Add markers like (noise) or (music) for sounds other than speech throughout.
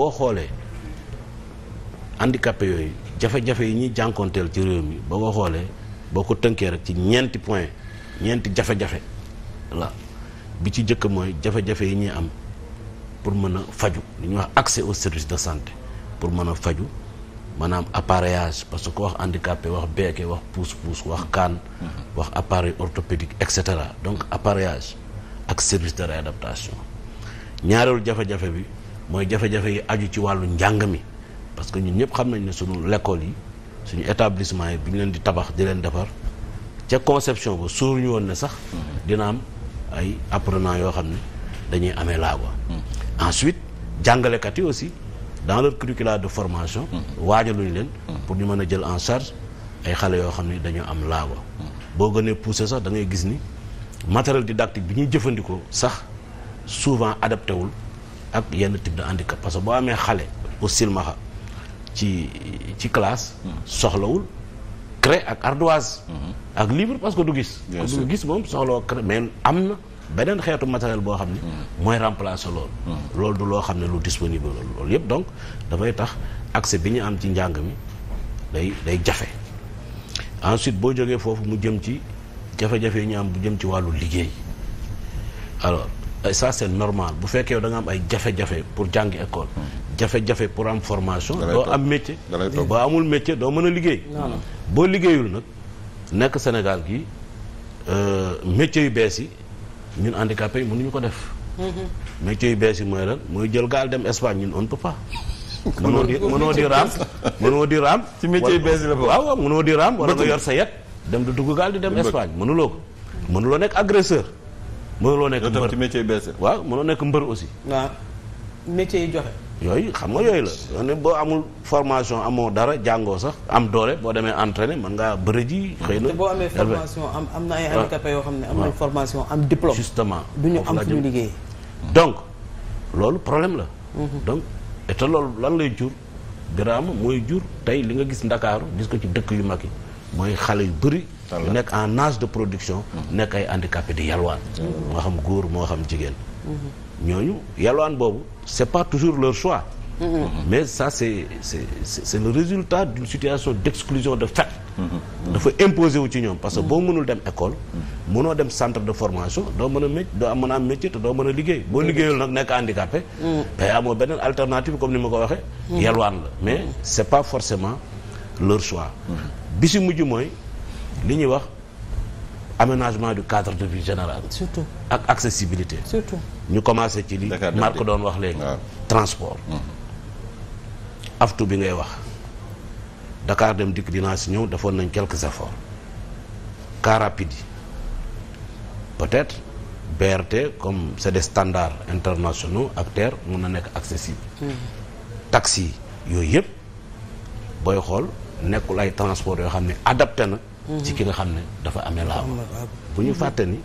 boo xoolee handicapé yooyu jafe-jafe yi ñuy jànkoonteel ci réew mi boo ko xoolee boo ko tënkee rek ci ñeenti point ñeenti jafe-jafe la bi ci njëkk mooy jafe-jafe yi ñuy am pour mën a faju li ñuy wax accès au service de santé pour mën a faju maanaam appareillage parce que wax handicapé wax beeke wax pousse-pousse wax kaan wax appareil orthopédique et cetera donc appareillage ak service de réadaptation ñaareelu jafe-jafe bi mooy jafe-jafe yi aju ci wàllu njàng mi parce que ñun ñëpp xam nañ ne suñu lekkool yi suñu établissement yi bi ñu leen di tabax di leen defar ca conception ba suur ñu woon ne sax dina am ay apprenants yoo xam ne dañuy amee laago mm-hmm. ensuite jàngalekat yi aussi dans leur curricula de formation mm-hmm. waajaluñu leen mm-hmm. pour ñu mën a jël en charge ay xale yoo xam ne dañoo am laago boo gënee poussé sax da ngay gis ni matériel didactique bi ñuy jëfandikoo sax souvent adapté wul ak yenn type de handicap parce que boo amee xale bu silmaxa ci ci classe soxlawul craie ak ardoise mm-hmm. ak libre parce que du gis du gis moom soxlawa craie mais am na beneen xeetu matériel boo xam ne mm-hmm. mooy remplacer loolu mm-hmm. loolu du loo xam ne lu disponible loolu yëpp donc dafay tax accès bi ñu am ci njàng mi day day jafe ensuite boo jógee foofu mu jëm ci jafe-jafe yi ñu am bu jëm ci wàllu liggéey alors Euh, ça c'est normal bu fekkee danga am ay jafe-jafe pour jàng école. jafe-jafe pour am formation. doo am métier. boo amul métier doo mën a liggéey. boo liggéeyul nag nekk Sénégal gi euh, métier yu bees yi ñun handicapés yi mënuñu ko def. Mm-hmm. métier yu bees yi mooy lan mooy jël gaal dem Espagne ñun on ne peut pas. (laughs) mënoo di mënoo di raam mënoo di raam. ci métier yu bees yi la ko waaw mënoo di raam wala nga yor sa yet dem du dugg gaal di dem Espagne mënuloo ko mënuloo nekk agresseur. mënuloo nekk mbër ci métier bees waaw mënoo nekk mbër aussi. waaw métier yi joxe. yooyu xam nga yooyu la yoo ne boo amul formation amoo dara jàngoo sax am doole boo demee entraîné mën ngaa bëri ji xëy na te boo amee formation am am na ay yoo xam ne am formation am diplôme justement du ñu am fu ñu liggéey donc loolu problème la mhm. donc et te loolu lan lay jur garaam mooy jur tey li nga gis Ndakaaru gis ci dëkk yu mag yi mooy xale yu bëri yu nekk en âge de production mhm. nekk ay handicapé di yalwaan mhm. moo xam góor moo xam jigéen mhm. ñooñu yalwaan boobu c'est pas toujours leur choix mais ça c'est c'est c'est le résultat d'une situation d'exclusion de fait dafa imposé wu ci ñoom parce que boo mënul dem école mënoo dem centre de formation doo mën a mé doo mën a am métier te doo mën a liggéey boo liggéeyul nag nekk handicapé tey amoo beneen alternative comme ni ma ko waxee yalwaan la mais c'est pas forcément leur choix bi si mujj mooy li ñuy wax aménagement du cadre de vie général. surtout ak accessibilité. surtout ñu commencé ci li Marc doon wax léegi. transport. Mm-hmm. aftu bi ngay wax. Dakar dem dikk dinaa si ñëw defoon nañ quelques efforts. car rapide yi peut-être BRT comme c'est des standards internationaux ak TER mun na nekk accessible. Mm-hmm. taxi yooyu yëpp booy xool. nekkul ay transport yoo xam ne adapté na ci ki nga xam ne dafa amee laaw bu ñu fàtte ni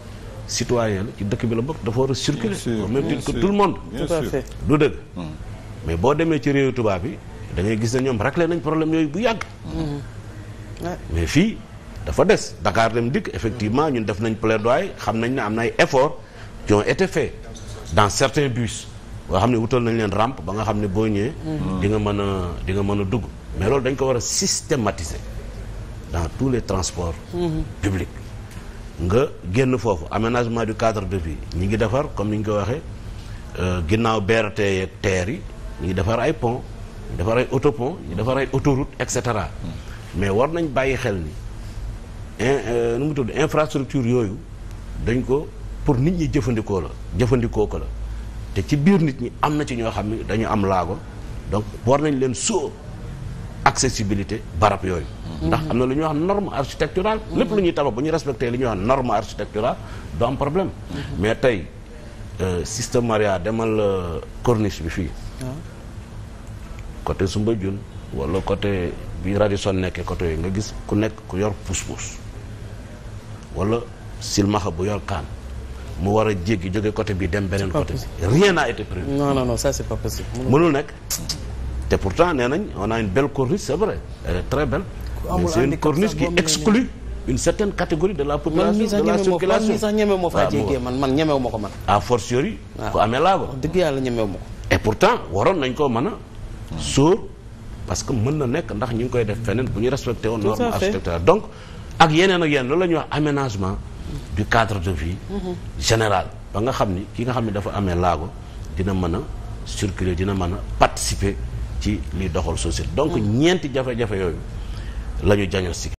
citoyen la ci dëkk bi la bokk dafa war a circuler au même titre que tout le monde tout à du dëgg mmh. mais boo demee ci réewu tubaab bi da gis ne ñoom rek leen nañ problème yooyu bu yàgg mmh. mais fii dafa des Dakar dem dikk effectivement ñun def nañ plaidoyer xam nañ ne am na ay efforts qui ont été faits dans certains bus boo xam ne wutal nañ leen rampe ba nga xam ne boo ñëwee mmh. di nga mën a di nga mën a dugg mais loolu dañ ko war a systématiser dans tous les transports publics nga génn foofu aménagement du cadre de vie ñi ngi defar comme ni ñu ko waxee euh, ginnaaw BRT yeeg TER yi ñu defar ay pont ñu defar ay autopont ñu defar ay autoroute et cetera mais war nañ bàyyi xel ni in euh, nu mu tudd infrastructure yooyu dañ ko pour nit ñi jëfandikoo la jëfandikoo ko la te ci biir nit ñi am na ci ñoo xam ne dañu am laago donc war nañ leen soo accessibilité barab yooyu. ndax am na lu ñuy wax norme architecturale. lépp lu ñuy tabax bu ñu respecté li ñuy wax norme architecturale du am problème. mais tey euh, système Maria demal euh, corniche bi fii. Ah. côté jun wala côté bi Radisson nekkee côté yooyu nga gis ku nekk ku yor pousse-pousse wala silmaxa bu yor kaan. mu war a jéggi jóge côté bi dem beneen côté bi rien n'a été prévu. mënul nekk. te pourtant nee nañ on a une belle corniche c'est vrai elle une corniche qui exclut une certaine catégorie de la population de la circulation sax ñemewu faa ah, jéggee man man ko man a fortiori ah. ku amee laago dëgg yàlla ñemewu ma ko et pourtant waroon nañ koo mën a parce que mën na nekk ndax ñu ngi koy def feneen bu ñu respecté woon norme architecturale donc ak yeneen ak yeneen loolu la ñuy wax aménagement du cadre de vie mm-hmm. général ba nga xam ni ki nga xam ni dafa amee laago dina mën a circuler dina mën a participer ci liy doxal société donc ñeenti jafe-jafe yooyu la ñu diagnostiqué